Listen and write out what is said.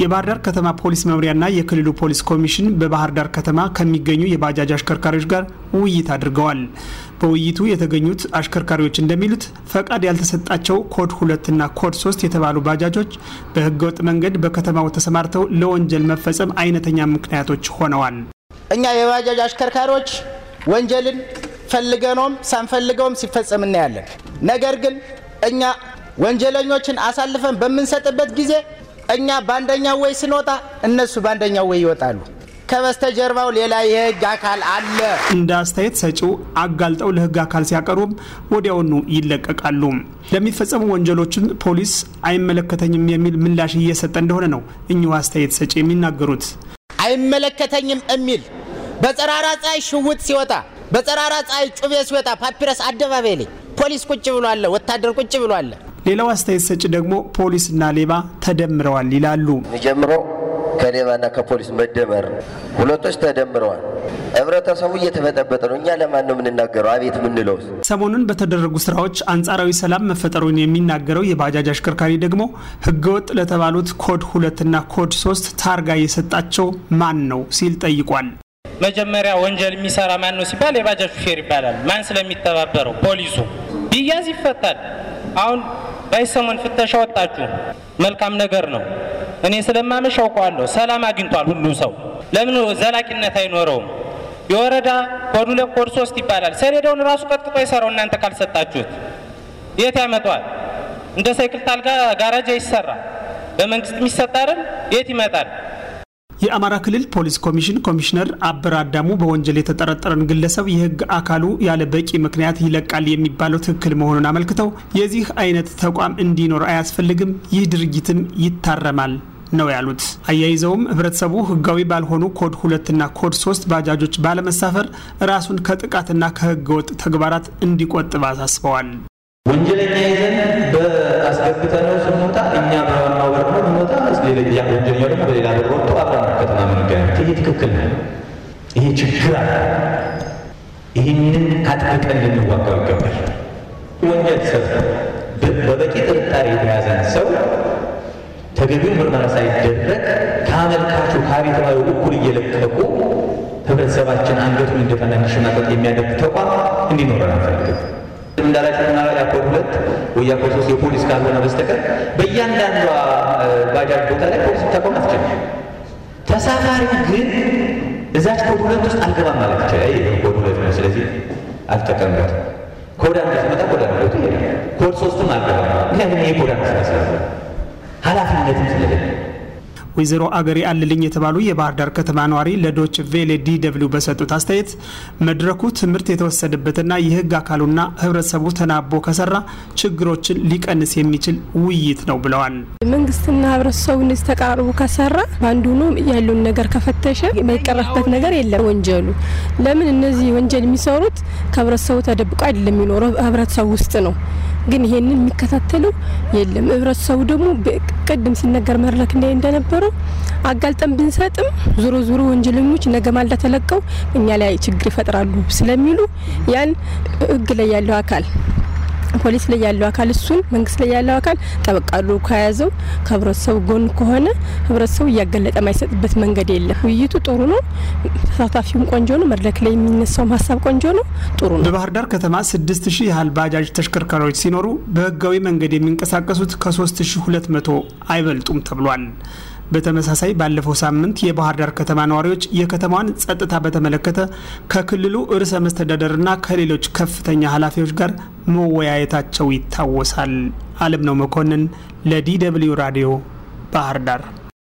የባህር ዳር ከተማ ፖሊስ መምሪያና የክልሉ ፖሊስ ኮሚሽን በባህር ዳር ከተማ ከሚገኙ የባጃጅ አሽከርካሪዎች ጋር ውይይት አድርገዋል። በውይይቱ የተገኙት አሽከርካሪዎች እንደሚሉት ፈቃድ ያልተሰጣቸው ኮድ ሁለትና ኮድ ሶስት የተባሉ ባጃጆች በህገወጥ መንገድ በከተማው ተሰማርተው ለወንጀል መፈጸም አይነተኛ ምክንያቶች ሆነዋል። እኛ የባጃጅ አሽከርካሪዎች ወንጀልን ፈልገነውም ሳንፈልገውም ሲፈጸም እናያለን። ነገር ግን እኛ ወንጀለኞችን አሳልፈን በምንሰጥበት ጊዜ እኛ በአንደኛው ወይ ስንወጣ እነሱ በአንደኛው ወይ ይወጣሉ። ከበስተጀርባው ሌላ የህግ አካል አለ። እንደ አስተያየት ሰጪው አጋልጠው ለህግ አካል ሲያቀርቡም ወዲያውኑ ይለቀቃሉ። ለሚፈጸሙ ወንጀሎችን ፖሊስ አይመለከተኝም የሚል ምላሽ እየሰጠ እንደሆነ ነው እኚሁ አስተያየት ሰጪ የሚናገሩት። አይመለከተኝም የሚል በጸራራ ፀሐይ ሽውጥ ሲወጣ፣ በጸራራ ፀሐይ ጩቤ ሲወጣ ፓፒረስ አደባባይ ላይ ፖሊስ ቁጭ ብሎ አለ፣ ወታደር ቁጭ ብሎ አለ። ሌላው አስተያየት ሰጭ ደግሞ ፖሊስና ሌባ ተደምረዋል ይላሉ። ከሌባ ከሌባና ከፖሊስ መደመር ሁለቶች ተደምረዋል። ህብረተሰቡ እየተበጠበጠ ነው። እኛ ለማን ነው የምንናገረው? አቤት የምንለው። ሰሞኑን በተደረጉ ስራዎች አንጻራዊ ሰላም መፈጠሩን የሚናገረው የባጃጅ አሽከርካሪ ደግሞ ህገወጥ ለተባሉት ኮድ ሁለትና ኮድ ሶስት ታርጋ የሰጣቸው ማን ነው ሲል ጠይቋል። መጀመሪያ ወንጀል የሚሰራ ማን ነው ሲባል የባጃጅ ሹፌር ይባላል። ማን ስለሚተባበረው? ፖሊሱ ቢያዝ ይፈታል። አሁን አይሰሙን ፍተሻ ወጣችሁ መልካም ነገር ነው። እኔ ስለማመሽ አውቀዋለሁ። ሰላም አግኝቷል ሁሉ ሰው። ለምን ዘላቂነት አይኖረውም? የወረዳ ኮድ ሁለት ኮድ ሶስት ይባላል። ሰሌዳውን ራሱ ቀጥቅጦ ይሰራው እናንተ ካልሰጣችሁት የት ያመጧል? እንደ ሳይክል ታልጋ ጋራጅ ይሰራ በመንግስት የሚሰጥ የት ይመጣል? የአማራ ክልል ፖሊስ ኮሚሽን ኮሚሽነር አበራ አዳሙ በወንጀል የተጠረጠረን ግለሰብ የሕግ አካሉ ያለ በቂ ምክንያት ይለቃል የሚባለው ትክክል መሆኑን አመልክተው የዚህ አይነት ተቋም እንዲኖር አያስፈልግም፣ ይህ ድርጊትም ይታረማል ነው ያሉት። አያይዘውም ህብረተሰቡ ህጋዊ ባልሆኑ ኮድ ሁለትና ኮድ ሶስት ባጃጆች ባለመሳፈር ራሱን ከጥቃትና ከህገወጥ ተግባራት እንዲቆጥብ አሳስበዋል። ወንጀለኛ ይዘን በአስገብተነው ስንወጣ እኛ በዋናው በር ነው ስንወጣ፣ ደግሞ በሌላ በር ወጥቶ አብረን ከተማ መንገድ ይሄ ትክክል ነው። ይሄ ችግር አለ። ይህንን አጥብቀን ልንዋጋው ይገባል። ወንጀል ሰው በበቂ ጥርጣሬ የተያዘን ሰው ተገቢው ምርመራ ሳይደረግ ከአመልካቹ ከአቤተባዩ እኩል እየለቀቁ ህብረተሰባችን አንገቱን እንደፈና እንዲሸናቀጥ የሚያደርግ ተቋም እንዲኖረን አንፈልግም። እንዳላችሁ ምናላ ያኮር ሁለት ወይ ያኮር ሶስት የፖሊስ ካልሆነ በስተቀር በእያንዳንዷ ባጃጅ ቦታ ላይ ፖሊስ ተቋም አትችልም። ተሳፋሪው ግን እዛች ኮድ ሁለት ውስጥ አልገባም ማለት ይችላል። ይህ ኮድ ሁለት ነው፣ ስለዚህ አልጠቀምበት ኮድ አንድ ሲመጣ ኮድ አንድ ቦታ ይሄዳል። ኮድ ሶስትም አልገባም፣ ምክንያቱም ይህ ኮድ አንድ ስራ ስለሆነ ኃላፊነትም ስለሌለ ወይዘሮ አገሬ አልልኝ የተባሉ የባህር ዳር ከተማ ነዋሪ ለዶች ቬሌ ዲ በሰጡት አስተያየት መድረኩ ትምህርት የተወሰደበትና የህግ አካሉና ህብረተሰቡ ተናቦ ከሰራ ችግሮችን ሊቀንስ የሚችል ውይይት ነው ብለዋል። መንግስትና ህብረተሰቡ እነዚህ ከሰራ በአንዱ ሆኖ ያለውን ነገር ከፈተሸ የማይቀረፍበት ነገር የለም። ወንጀሉ ለምን እነዚህ ወንጀል የሚሰሩት ከህብረተሰቡ ተደብቆ አይደለም የሚኖረው ህብረተሰቡ ውስጥ ነው ግን ይሄንን የሚከታተለው የለም። ህብረተሰቡ ደግሞ ቅድም ሲነገር መድረክ እንደ እንደነበረው አጋልጠን ብንሰጥም ዞሮ ዞሮ ወንጀለኞች ነገ ማልዳ ተለቀው እኛ ላይ ችግር ይፈጥራሉ ስለሚሉ ያን ህግ ላይ ያለው አካል ፖሊስ ላይ ያለው አካል እሱን መንግስት ላይ ያለው አካል ጠበቃሉ ከያዘው ከህብረተሰቡ ጎን ከሆነ ህብረተሰቡ እያገለጠ ማይሰጥበት መንገድ የለም። ውይይቱ ጥሩ ነው። ተሳታፊውም ቆንጆ ነው። መድረክ ላይ የሚነሳውም ሀሳብ ቆንጆ ነው፣ ጥሩ ነው። በባህር ዳር ከተማ ስድስት ሺህ ያህል ባጃጅ ተሽከርካሪዎች ሲኖሩ በህጋዊ መንገድ የሚንቀሳቀሱት ከሶስት ሺህ ሁለት መቶ አይበልጡም ተብሏል። በተመሳሳይ ባለፈው ሳምንት የባህር ዳር ከተማ ነዋሪዎች የከተማዋን ጸጥታ በተመለከተ ከክልሉ ርዕሰ መስተዳደርና ከሌሎች ከፍተኛ ኃላፊዎች ጋር መወያየታቸው ይታወሳል። አለም ነው መኮንን ለዲ ደብልዩ ራዲዮ ባህር ዳር